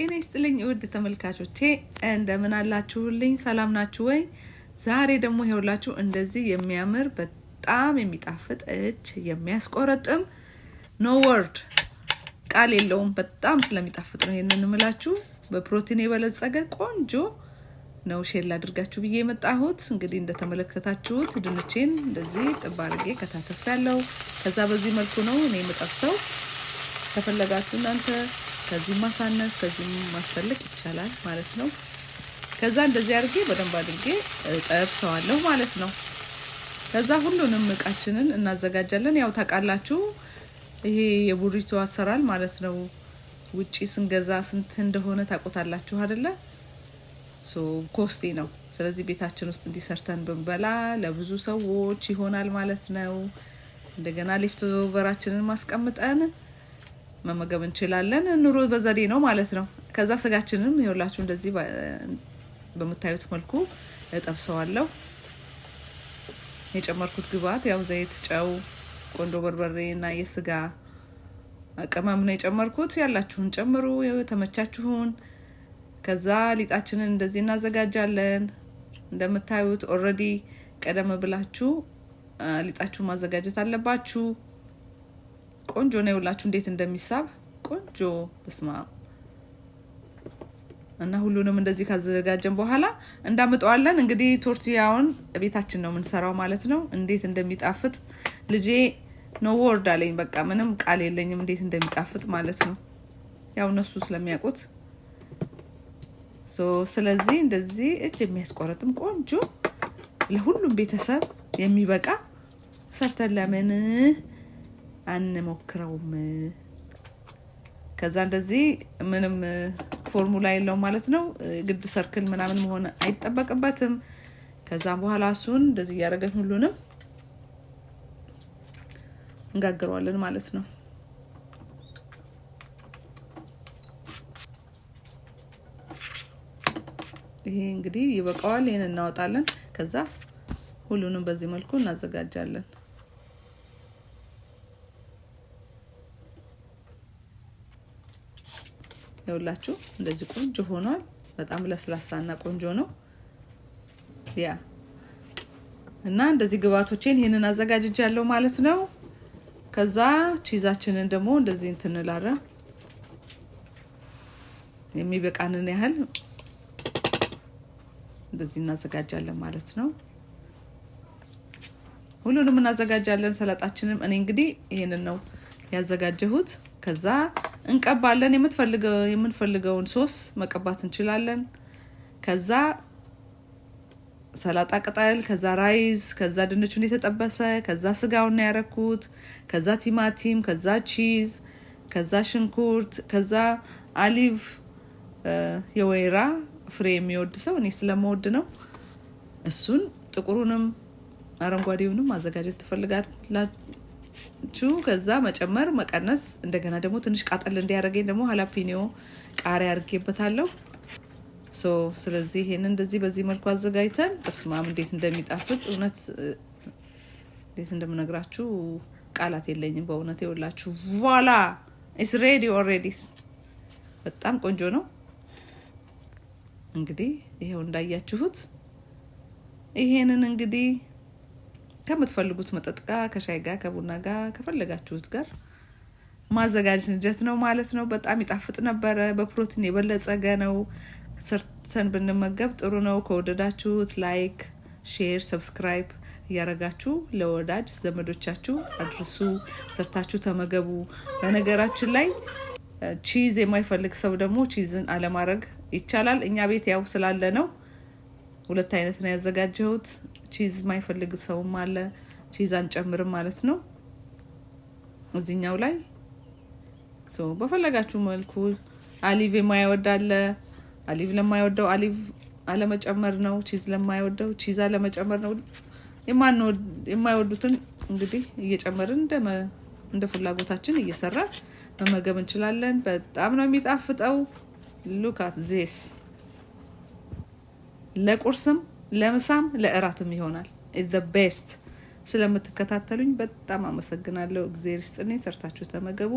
ጤና ይስጥልኝ ውድ ተመልካቾቼ እንደምን አላችሁልኝ? ሰላም ናችሁ ወይ? ዛሬ ደግሞ ይኸውላችሁ እንደዚህ የሚያምር በጣም የሚጣፍጥ እጅ የሚያስቆረጥም ኖ ወርድ ቃል የለውም። በጣም ስለሚጣፍጥ ነው ይህንን እምላችሁ። በፕሮቲን የበለጸገ ቆንጆ ነው ሼል አድርጋችሁ ብዬ የመጣሁት እንግዲህ እንደተመለከታችሁት ድንቼን እንደዚህ ጥብ አድርጌ ከታተፍ ያለው ከዛ በዚህ መልኩ ነው እኔ የምጠብሰው። ከፈለጋችሁ እናንተ ከዚህ ማሳነስ ከዚህ ማስፈልግ ይቻላል ማለት ነው። ከዛ እንደዚህ አድርጌ በደንብ አድርጌ ጠብሰዋለሁ ማለት ነው። ከዛ ሁሉንም እቃችንን እናዘጋጃለን። ያው ታውቃላችሁ ይሄ የቡሪቶ አሰራር ማለት ነው። ውጪ ስንገዛ ስንት እንደሆነ ታውቁታላችሁ አይደለ? ሶ ኮስቴ ነው። ስለዚህ ቤታችን ውስጥ እንዲሰርተን ብንበላ ለብዙ ሰዎች ይሆናል ማለት ነው። እንደገና ሊፍት ኦቨራችንን ማስቀምጠን መመገብ እንችላለን። ኑሮ በዘዴ ነው ማለት ነው። ከዛ ስጋችንም ይኸውላችሁ እንደዚህ በምታዩት መልኩ እጠብሰዋለሁ። የጨመርኩት ግብአት ያው ዘይት፣ ጨው፣ ቆንዶ በርበሬ እና የስጋ ቅመም ነው የጨመርኩት። ያላችሁን ጨምሩ፣ የተመቻችሁን። ከዛ ሊጣችንን እንደዚህ እናዘጋጃለን። እንደምታዩት ኦልሬዲ ቀደም ብላችሁ ሊጣችሁ ማዘጋጀት አለባችሁ። ቆንጆ ነው። የውላችሁ እንዴት እንደሚሳብ ቆንጆ በስማ እና ሁሉንም እንደዚህ ካዘጋጀን በኋላ እንዳምጠዋለን። እንግዲህ ቶርቲያውን ቤታችን ነው የምንሰራው ማለት ነው። እንዴት እንደሚጣፍጥ ልጄ ነው ወርድ አለኝ። በቃ ምንም ቃል የለኝም እንዴት እንደሚጣፍጥ ማለት ነው። ያው እነሱ ስለሚያውቁት ስለዚህ እንደዚህ እጅ የሚያስቆረጥም ቆንጆ ለሁሉም ቤተሰብ የሚበቃ ሰርተን ለምን አንሞክረውም። ከዛ እንደዚህ ምንም ፎርሙላ የለውም ማለት ነው። ግድ ሰርክል ምናምን መሆን አይጠበቅበትም። ከዛም በኋላ እሱን እንደዚህ እያደረገን ሁሉንም እንጋግረዋለን ማለት ነው። ይሄ እንግዲህ ይበቃዋል። ይህን እናወጣለን። ከዛ ሁሉንም በዚህ መልኩ እናዘጋጃለን። ይኸውላችሁ እንደዚህ ቆንጆ ሆኗል። በጣም ለስላሳና ቆንጆ ነው። ያ እና እንደዚህ ግብአቶቼን ይህንን ያለው ማለት ነው። ከዛ ቺዛችንን ደግሞ እንደዚህ እንትን የሚበቃንን ያህል እንደዚህ እናዘጋጃለን ማለት ነው። ሁሉንም እናዘጋጃለን። ሰላጣችንም እኔ እንግዲህ ይህንን ነው ያዘጋጀሁት ከዛ እንቀባለን። የምንፈልገውን ሶስ መቀባት እንችላለን። ከዛ ሰላጣ ቅጠል፣ ከዛ ራይዝ፣ ከዛ ድንቹን የተጠበሰ፣ ከዛ ስጋውን ያረኩት፣ ከዛ ቲማቲም፣ ከዛ ቺዝ፣ ከዛ ሽንኩርት፣ ከዛ አሊቭ የወይራ ፍሬ የሚወድ ሰው እኔ ስለመወድ ነው። እሱን ጥቁሩንም አረንጓዴውንም ማዘጋጀት ቹ ከዛ መጨመር መቀነስ። እንደገና ደግሞ ትንሽ ቃጠል እንዲያደርገኝ ደግሞ ሀላፒኒዮ ቃሪያ አድርጌበታለሁ። ሶ ስለዚህ ይህን እንደዚህ በዚህ መልኩ አዘጋጅተን እስማም እንዴት እንደሚጣፍጥ እውነት እንዴት እንደምነግራችሁ ቃላት የለኝም። በእውነት የወላችሁ ቫላ ኢስ ሬዲ በጣም ቆንጆ ነው። እንግዲህ ይሄው እንዳያችሁት ይሄንን እንግዲህ ከምትፈልጉት መጠጥ ጋር ከሻይ ጋር ከቡና ጋር ከፈለጋችሁት ጋር ማዘጋጀት ነው ማለት ነው። በጣም ይጣፍጥ ነበረ። በፕሮቲን የበለጸገ ነው። ሰርተን ብንመገብ ጥሩ ነው። ከወደዳችሁት ላይክ፣ ሼር፣ ሰብስክራይብ እያረጋችሁ ለወዳጅ ዘመዶቻችሁ አድርሱ። ሰርታችሁ ተመገቡ። በነገራችን ላይ ቺዝ የማይፈልግ ሰው ደግሞ ቺዝን አለማድረግ ይቻላል። እኛ ቤት ያው ስላለ ነው። ሁለት አይነት ነው ያዘጋጀሁት። ቺዝ የማይፈልግ ሰውም አለ። ቺዝ አንጨምርም ማለት ነው እዚኛው ላይ በፈለጋችሁ መልኩ አሊቭ የማይወድ አለ። አሊቭ ለማይወደው አሊቭ አለመጨመር ነው። ቺዝ ለማይወደው ቺዝ አለመጨመር ነው። የማይወዱትን እንግዲህ እየጨመርን እንደ ፍላጎታችን እየሰራን መመገብ እንችላለን። በጣም ነው የሚጣፍጠው። ሉካት ዜስ ለቁርስም ለምሳም ለእራትም ይሆናል። ኢዘ ቤስት። ስለምትከታተሉኝ በጣም አመሰግናለሁ። እግዜር ስጥኔ ሰርታችሁ ተመገቡ።